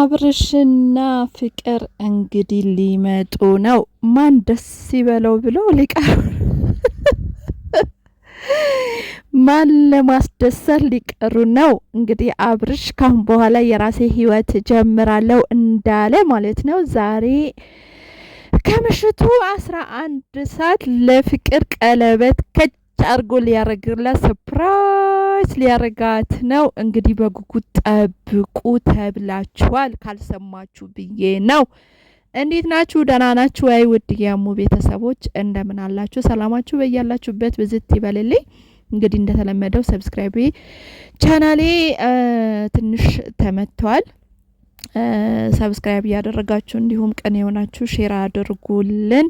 አብርሽና ፍቅር እንግዲህ ሊመጡ ነው። ማን ደስ ይበለው ብሎ ሊቀር ማን ለማስደሰት ሊቀሩ ነው። እንግዲህ አብርሽ ካሁን በኋላ የራሴ ህይወት ጀምራለሁ እንዳለ ማለት ነው። ዛሬ ከምሽቱ አስራ አንድ ሰዓት ለፍቅር ቀለበት ከች አርጎ ሊያረግላ ስፕራ ሰርፕራይዝ ሊያረጋት ነው። እንግዲህ በጉጉት ጠብቁ ተብላችኋል። ካልሰማችሁ ብዬ ነው። እንዴት ናችሁ? ደህና ናችሁ ወይ? ውድ ያሙ ቤተሰቦች እንደምን አላችሁ? ሰላማችሁ በያላችሁበት ብዝት ይበልልኝ። እንግዲህ እንደተለመደው ሰብስክራይብ ቻናሌ ትንሽ ተመቷል። ሰብስክራይብ እያደረጋችሁ እንዲሁም ቀን የሆናችሁ ሼር አድርጉልን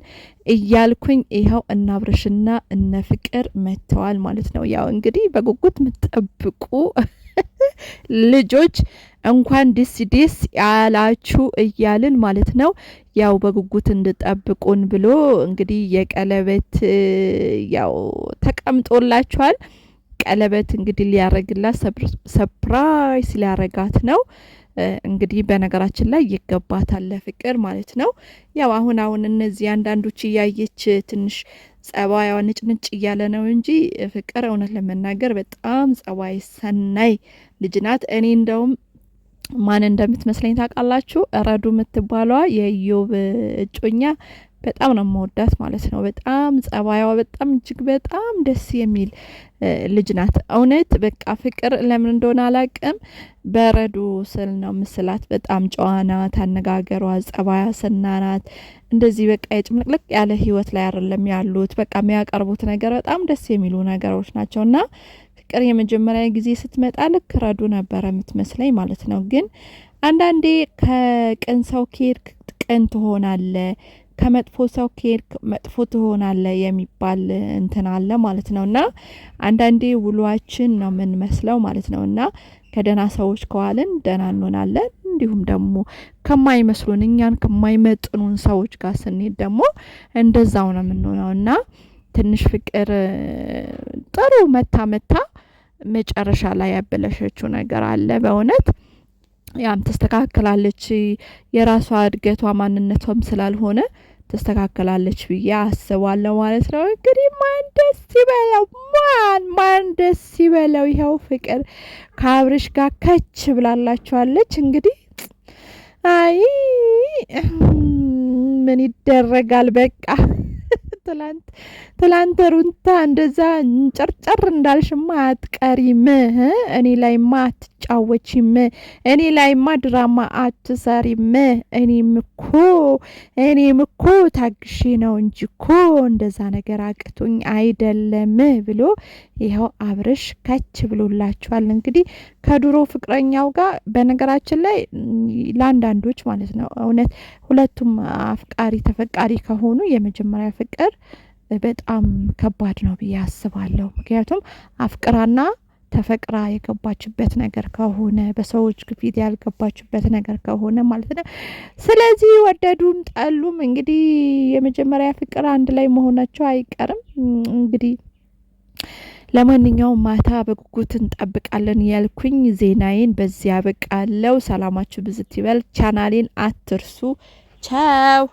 እያልኩኝ ይኸው እነ አብርሽና እነ ፍቅር መጥተዋል ማለት ነው። ያው እንግዲህ በጉጉት የምትጠብቁ ልጆች እንኳን ደስ ደስ ያላችሁ እያልን ማለት ነው። ያው በጉጉት እንድጠብቁን ብሎ እንግዲህ የቀለበት ያው ተቀምጦላችኋል። ቀለበት እንግዲህ ሊያረግላት ሰፕራይስ ሊያረጋት ነው። እንግዲህ በነገራችን ላይ ይገባታል ለፍቅር ማለት ነው። ያው አሁን አሁን እነዚህ አንዳንዶች እያየች ትንሽ ጸባይዋ ንጭንጭ እያለ ነው እንጂ ፍቅር እውነት ለመናገር በጣም ጸባይ ሰናይ ልጅ ናት። እኔ እንደውም ማን እንደምትመስለኝ ታውቃላችሁ? ረዱ የምትባሏ የዮብ እጮኛ በጣም ነው መወዳት ማለት ነው። በጣም ጸባይዋ በጣም እጅግ በጣም ደስ የሚል ልጅ ናት። እውነት በቃ ፍቅር ለምን እንደሆነ አላቅም። በረዶ ስል ነው ምስላት። በጣም ጨዋ ናት። አነጋገሯ፣ ጸባያ ስና ናት። እንደዚህ በቃ የጭምልቅልቅ ያለ ህይወት ላይ አይደለም ያሉት። በቃ የሚያቀርቡት ነገር በጣም ደስ የሚሉ ነገሮች ናቸው እና ፍቅር የመጀመሪያ ጊዜ ስትመጣ ልክ ረዱ ነበረ የምትመስለኝ ማለት ነው። ግን አንዳንዴ ከቅን ሰው ኬድክ ቅን ትሆናለ ከመጥፎ ሰው ከሄድክ መጥፎ ትሆናለ የሚባል እንትን አለ ማለት ነው። እና አንዳንዴ ውሏችን ነው የምንመስለው ማለት ነው። እና ከደህና ሰዎች ከዋልን ደህና እንሆናለን። እንዲሁም ደግሞ ከማይመስሉን እኛን ከማይመጥኑን ሰዎች ጋር ስንሄድ ደግሞ እንደዛው ነው የምንሆነው እና ትንሽ ፍቅር ጥሩ መታ መታ መጨረሻ ላይ ያበለሸችው ነገር አለ በእውነት ያም ተስተካክላለች። የራሷ እድገቷ ማንነቷም ስላልሆነ ትስተካከላለች ብዬ አስባለሁ ማለት ነው። እንግዲህ ማን ደስ ይበለው፣ ማን ማን ደስ ይበለው። ይኸው ፍቅር ከአብርሽ ጋር ከች ብላላችኋለች። እንግዲህ አይ ምን ይደረጋል በቃ ትላንት ትላንት ሩንታ እንደዛ እንጨርጨር እንዳልሽማ አትቀሪም። እኔ ላይማ አትጫወችም እኔ ላይማ ድራማ አትሰሪም። እኔም እኮ እኔም እኮ ታግሼ ነው እንጂ እኮ እንደዛ ነገር አቅቶኝ አይደለም ብሎ ይኸው አብርሽ ከች ብሎላችኋል። እንግዲህ ከድሮ ፍቅረኛው ጋር በነገራችን ላይ ለአንዳንዶች ማለት ነው እውነት ሁለቱም አፍቃሪ ተፈቃሪ ከሆኑ የመጀመሪያ ፍቅር በጣም ከባድ ነው ብዬ አስባለሁ። ምክንያቱም አፍቅራና ተፈቅራ የገባችበት ነገር ከሆነ በሰዎች ግፊት ያልገባችበት ነገር ከሆነ ማለት ነው። ስለዚህ ወደዱም ጠሉም እንግዲህ የመጀመሪያ ፍቅር አንድ ላይ መሆናቸው አይቀርም። እንግዲህ ለማንኛውም ማታ በጉጉት እንጠብቃለን ያልኩኝ ዜናዬን በዚያ አበቃለሁ። ሰላማችሁ ብዝት ይበል። ቻናሌን አትርሱ። ቻው